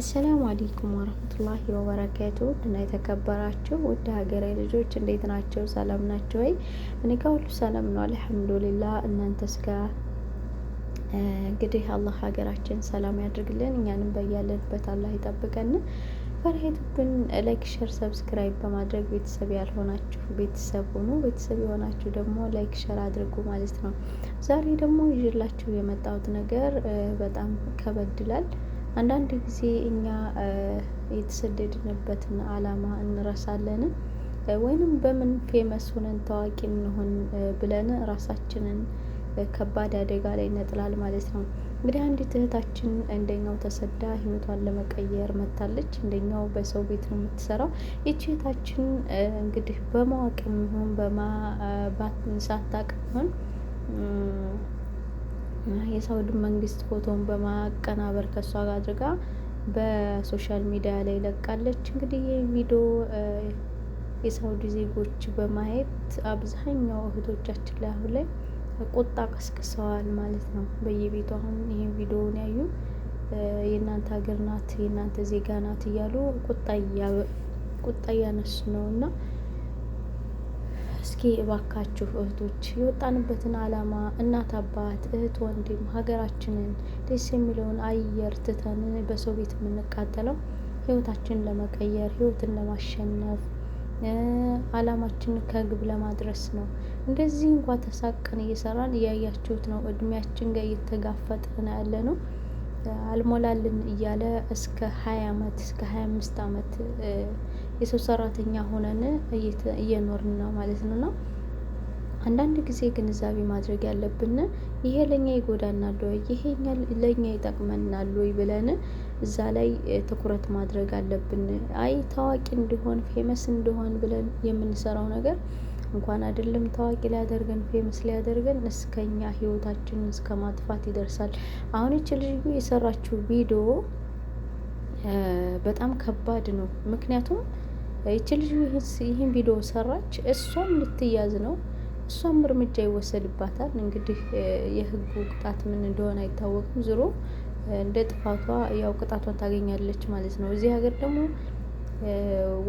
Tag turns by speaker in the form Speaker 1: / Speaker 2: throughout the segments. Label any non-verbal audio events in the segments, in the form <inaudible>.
Speaker 1: አሰላሙ አለይኩም ወረህመቱላሂ ወበረካቱ እና የተከበራችሁ ውድ ሀገሬ ልጆች እንዴት ናቸው? ሰላም ናቸው ወይ? እኔ ጋ ሁሉ ሰላም ነው አልሐምዱሊላህ። እናንተስ ጋ? እንግዲህ አላህ ሀገራችን ሰላም ያድርግልን፣ እኛንም በያለንበት አላህ ይጠብቀን። ፈርሄቱብን ላይክ፣ ሸር፣ ሰብስክራይብ በማድረግ ቤተሰብ ያልሆናችሁ ቤተሰብ ሁኑ። ቤተሰብ የሆናችሁ ደግሞ ላይክ፣ ሸር አድርጉ ማለት ነው። ዛሬ ደግሞ ይዤላችሁ የመጣሁት ነገር በጣም ከበድ ይላል። አንዳንድ ጊዜ እኛ የተሰደድንበትን አላማ እንረሳለን ወይንም በምን ፌመስ ሆነን ታዋቂ እንሆን ብለን ራሳችንን ከባድ አደጋ ላይ ይነጥላል ማለት ነው። እንግዲህ አንዲት እህታችን እንደኛው ተሰዳ ህይወቷን ለመቀየር መታለች። እንደኛው በሰው ቤት ነው የምትሰራው። ይቺ እህታችን እንግዲህ በማወቅ የሚሆን በማ ሳታቅ የሳውድ መንግስት ፎቶን በማቀናበር ከእሷ ጋር አድርጋ በሶሻል ሚዲያ ላይ ለቃለች። እንግዲህ ይህ ቪዲዮ የሳውዲ ዜጎች በማየት አብዛኛው እህቶቻችን ላይ አሁን ላይ ቁጣ ቀስቅሰዋል ማለት ነው። በየቤቱ አሁን ይህን ቪዲዮውን ያዩ የእናንተ ሀገር ናት የእናንተ ዜጋ ናት እያሉ ቁጣ እያነሱ ነው እና እስኪ እባካችሁ እህቶች የወጣንበትን ዓላማ እናት አባት፣ እህት ወንድም፣ ሀገራችንን ደስ የሚለውን አየር ትተን በሰው ቤት የምንቃጠለው ህይወታችንን ለመቀየር ህይወትን ለማሸነፍ ዓላማችንን ከግብ ለማድረስ ነው። እንደዚህ እንኳ ተሳቀን እየሰራን እያያችሁት ነው። እድሜያችን ጋር እየተጋፈጥን ያለ ነው። አልሞላልን እያለ እስከ ሀያ አመት እስከ ሀያ አምስት አመት የሰው ሰራተኛ ሆነን እየኖርን ነው ማለት ነው። ና አንዳንድ ጊዜ ግንዛቤ ማድረግ ያለብን ይሄ ለእኛ ይጎዳናል ወይ፣ ይሄ ለእኛ ይጠቅመናል ወይ ብለን እዛ ላይ ትኩረት ማድረግ አለብን። አይ ታዋቂ እንዲሆን ፌመስ እንዲሆን ብለን የምንሰራው ነገር እንኳን አይደለም ታዋቂ ሊያደርገን ፌመስ ሊያደርገን እስከኛ ህይወታችን እስከ ማጥፋት ይደርሳል። አሁን ይች ልዩ የሰራችው ቪዲዮ በጣም ከባድ ነው። ምክንያቱም ይች ልጅ ይህን ቪዲዮ ሰራች፣ እሷም ልትያዝ ነው። እሷም እርምጃ ይወሰድባታል። እንግዲህ የህጉ ቅጣት ምን እንደሆነ አይታወቅም። ዝሮ እንደ ጥፋቷ ያው ቅጣቷን ታገኛለች ማለት ነው። እዚህ ሀገር ደግሞ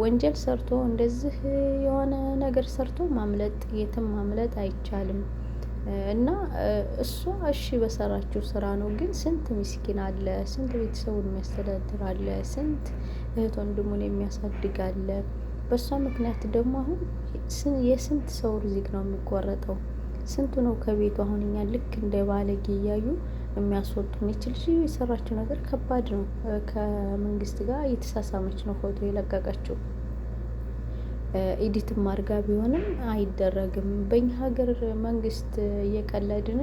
Speaker 1: ወንጀል ሰርቶ እንደዚህ የሆነ ነገር ሰርቶ ማምለጥ የትም ማምለጥ አይቻልም። እና እሷ እሺ በሰራችው ስራ ነው። ግን ስንት ምስኪን አለ፣ ስንት ቤተሰቡን የሚያስተዳድር አለ፣ ስንት እህት ወንድሙን የሚያሳድግ አለ። በእሷ ምክንያት ደግሞ አሁን የስንት ሰው ርዚቅ ነው የሚቆረጠው? ስንቱ ነው ከቤቱ አሁን እኛ ልክ እንደ ባለጌ እያዩ የሚያስወጡን። ይችል ልጅ የሰራችው ነገር ከባድ ነው። ከመንግስት ጋር እየተሳሳመች ነው ፎቶ የለቀቀችው። ኤዲት ማርጋ ቢሆንም አይደረግም። በእኛ ሀገር መንግስት እየቀለድን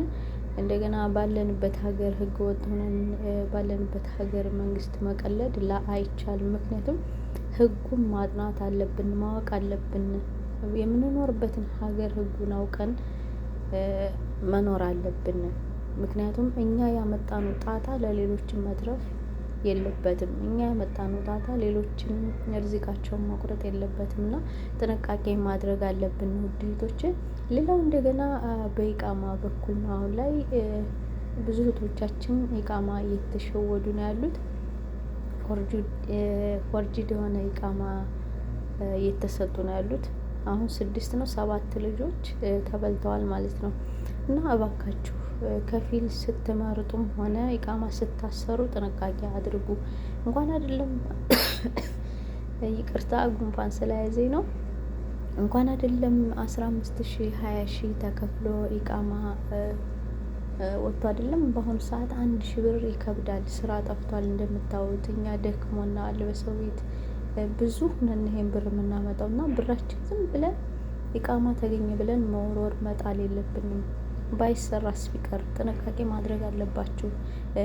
Speaker 1: እንደገና ባለንበት ሀገር ህገ ወጥ ሆነን ባለንበት ሀገር መንግስት መቀለድ አይቻልም። ምክንያቱም ህጉን ማጥናት አለብን፣ ማወቅ አለብን። የምንኖርበትን ሀገር ህጉን አውቀን መኖር አለብን። ምክንያቱም እኛ ያመጣነው ጣጣ ለሌሎችን መትረፍ የለበትም። እኛ ያመጣነው ዳታ ሌሎችን ርዚቃቸውን መቁረጥ የለበትም እና ጥንቃቄ ማድረግ አለብን ውድ እህቶቼ። ሌላው እንደገና በኢቃማ በኩል ነው። አሁን ላይ ብዙ እህቶቻችን ኢቃማ እየተሸወዱ ነው ያሉት። ፎርጅድ የሆነ ኢቃማ እየተሰጡ ነው ያሉት። አሁን ስድስት ነው ሰባት ልጆች ተበልተዋል ማለት ነው። እና እባካችሁ ከፊል ስትመርጡም ሆነ ኢቃማ ስታሰሩ ጥንቃቄ አድርጉ። እንኳን አይደለም <coughs> ይቅርታ ጉንፋን ስለያዘኝ ነው። እንኳን አይደለም አስራ አምስት ሺ ሀያ ሺ ተከፍሎ ኢቃማ ወጥቶ አይደለም በአሁኑ ሰዓት አንድ ሺ ብር ይከብዳል። ስራ ጠፍቷል እንደምታዩት እኛ ደክሞና አልበሰው ቤት ብዙ ሁነን ይሄን ብር የምናመጣው እና ብራችን ዝም ብለን ኢቃማ ተገኘ ብለን መወርወር መጣል የለብንም። ባይሰራስ ቢቀር ጥንቃቄ ማድረግ አለባችሁ።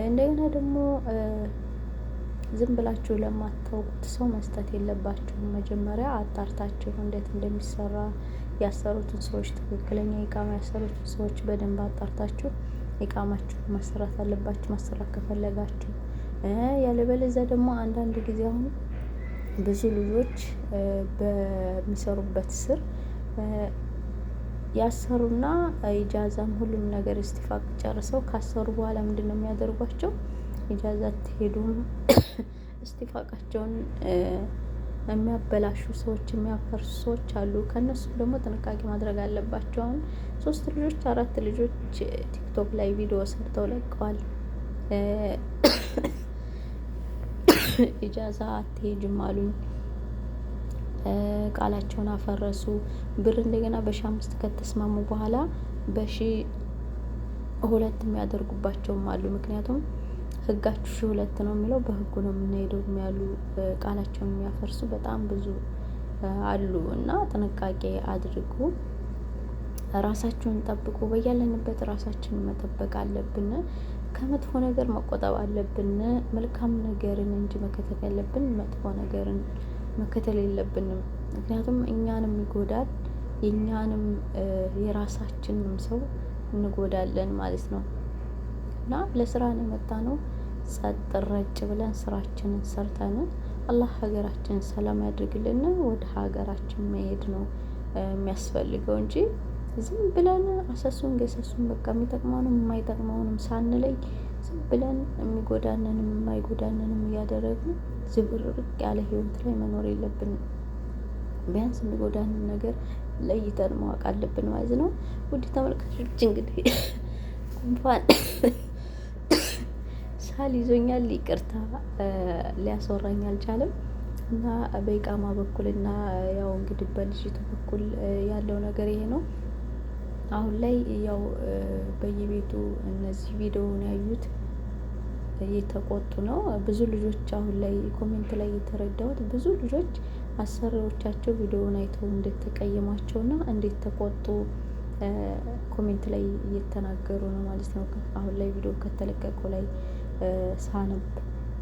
Speaker 1: እንደገና ደግሞ ዝም ብላችሁ ለማታውቁት ሰው መስጠት የለባችሁም። መጀመሪያ አጣርታችሁ እንዴት እንደሚሰራ ያሰሩትን ሰዎች ትክክለኛ ኢቃማ ያሰሩትን ሰዎች በደንብ አጣርታችሁ ኢቃማችሁን ማሰራት አለባችሁ፣ ማሰራት ከፈለጋችሁ ያለበለዚያ ደግሞ አንዳንድ ጊዜ አሁን ብዙ ልጆች በሚሰሩበት ስር ያሰሩና ኢጃዛም ሁሉም ነገር እስቲፋቅ ጨርሰው ካሰሩ በኋላ ምንድን ነው የሚያደርጓቸው? ኢጃዛ ትሄዱም እስቲፋቃቸውን <coughs> የሚያበላሹ ሰዎች፣ የሚያፈርሱ ሰዎች አሉ። ከእነሱም ደግሞ ጥንቃቄ ማድረግ አለባቸው። አሁን ሶስት ልጆች አራት ልጆች ቲክቶክ ላይ ቪዲዮ ሰርተው ለቀዋል። ኢጃዛ አትሄጅም አሉኝ። ቃላቸውን አፈረሱ። ብር እንደገና በሺ አምስት ከተስማሙ በኋላ በሺ ሁለት የሚያደርጉባቸውም አሉ። ምክንያቱም ህጋችሁ ሺ ሁለት ነው የሚለው በህጉ ነው የምንሄደው የሚያሉ ቃላቸውን የሚያፈርሱ በጣም ብዙ አሉ እና ጥንቃቄ አድርጉ። ራሳችሁን ጠብቁ። በያለንበት ራሳችንን መጠበቅ አለብን። ከመጥፎ ነገር መቆጠብ አለብን። መልካም ነገርን እንጂ መከተል ያለብን መጥፎ ነገርን መከተል የለብንም። ምክንያቱም እኛንም ይጎዳል፣ የእኛንም የራሳችንም ሰው እንጎዳለን ማለት ነው እና ለስራ ነው የመጣ ነው። ጸጥ ረጭ ብለን ስራችንን ሰርተን አላህ ሀገራችንን ሰላም ያድርግልን። ወደ ሀገራችን መሄድ ነው የሚያስፈልገው እንጂ ዝም ብለን አሰሱን ገሰሱን በቃ የሚጠቅመውንም የማይጠቅመውንም ሳንለይ ዝም ብለን የሚጎዳነንም የማይጎዳነንም እያደረግን ዝብርቅ ያለ ህይወት ላይ መኖር የለብንም። ቢያንስ የሚጎዳንን ነገር ለይተን ማወቅ አለብን ማለት ነው። ውድ ተመልካቾች እንግዲህ ጉንፋን ሳል ይዞኛል፣ ይቅርታ ሊያስወራኝ አልቻለም እና በኢቃማ በኩል እና ያው እንግዲህ በልጅቱ በኩል ያለው ነገር ይሄ ነው። አሁን ላይ ያው በየቤቱ እነዚህ ቪዲዮውን ያዩት እየተቆጡ ነው። ብዙ ልጆች አሁን ላይ ኮሜንት ላይ የተረዳሁት ብዙ ልጆች አሰሪዎቻቸው ቪዲዮውን አይተው እንደተቀየሟቸው እና እንዴት ተቆጡ ኮሜንት ላይ እየተናገሩ ነው ማለት ነው። አሁን ላይ ቪዲዮ ከተለቀቁ ላይ ሳነብ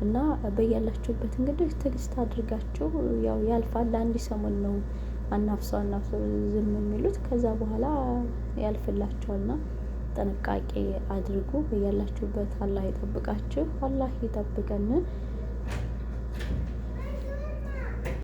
Speaker 1: እና በያላችሁበት እንግዲህ ትዕግስት አድርጋችሁ ያው ያልፋል። አንድ ሰሞን ነው አናፍሰው አናፍሰው ዝም የሚሉት ከዛ በኋላ ያልፍላቸውና ጥንቃቄ አድርጉ። በያላችሁበት አላህ ይጠብቃችሁ፣ አላህ ይጠብቀን።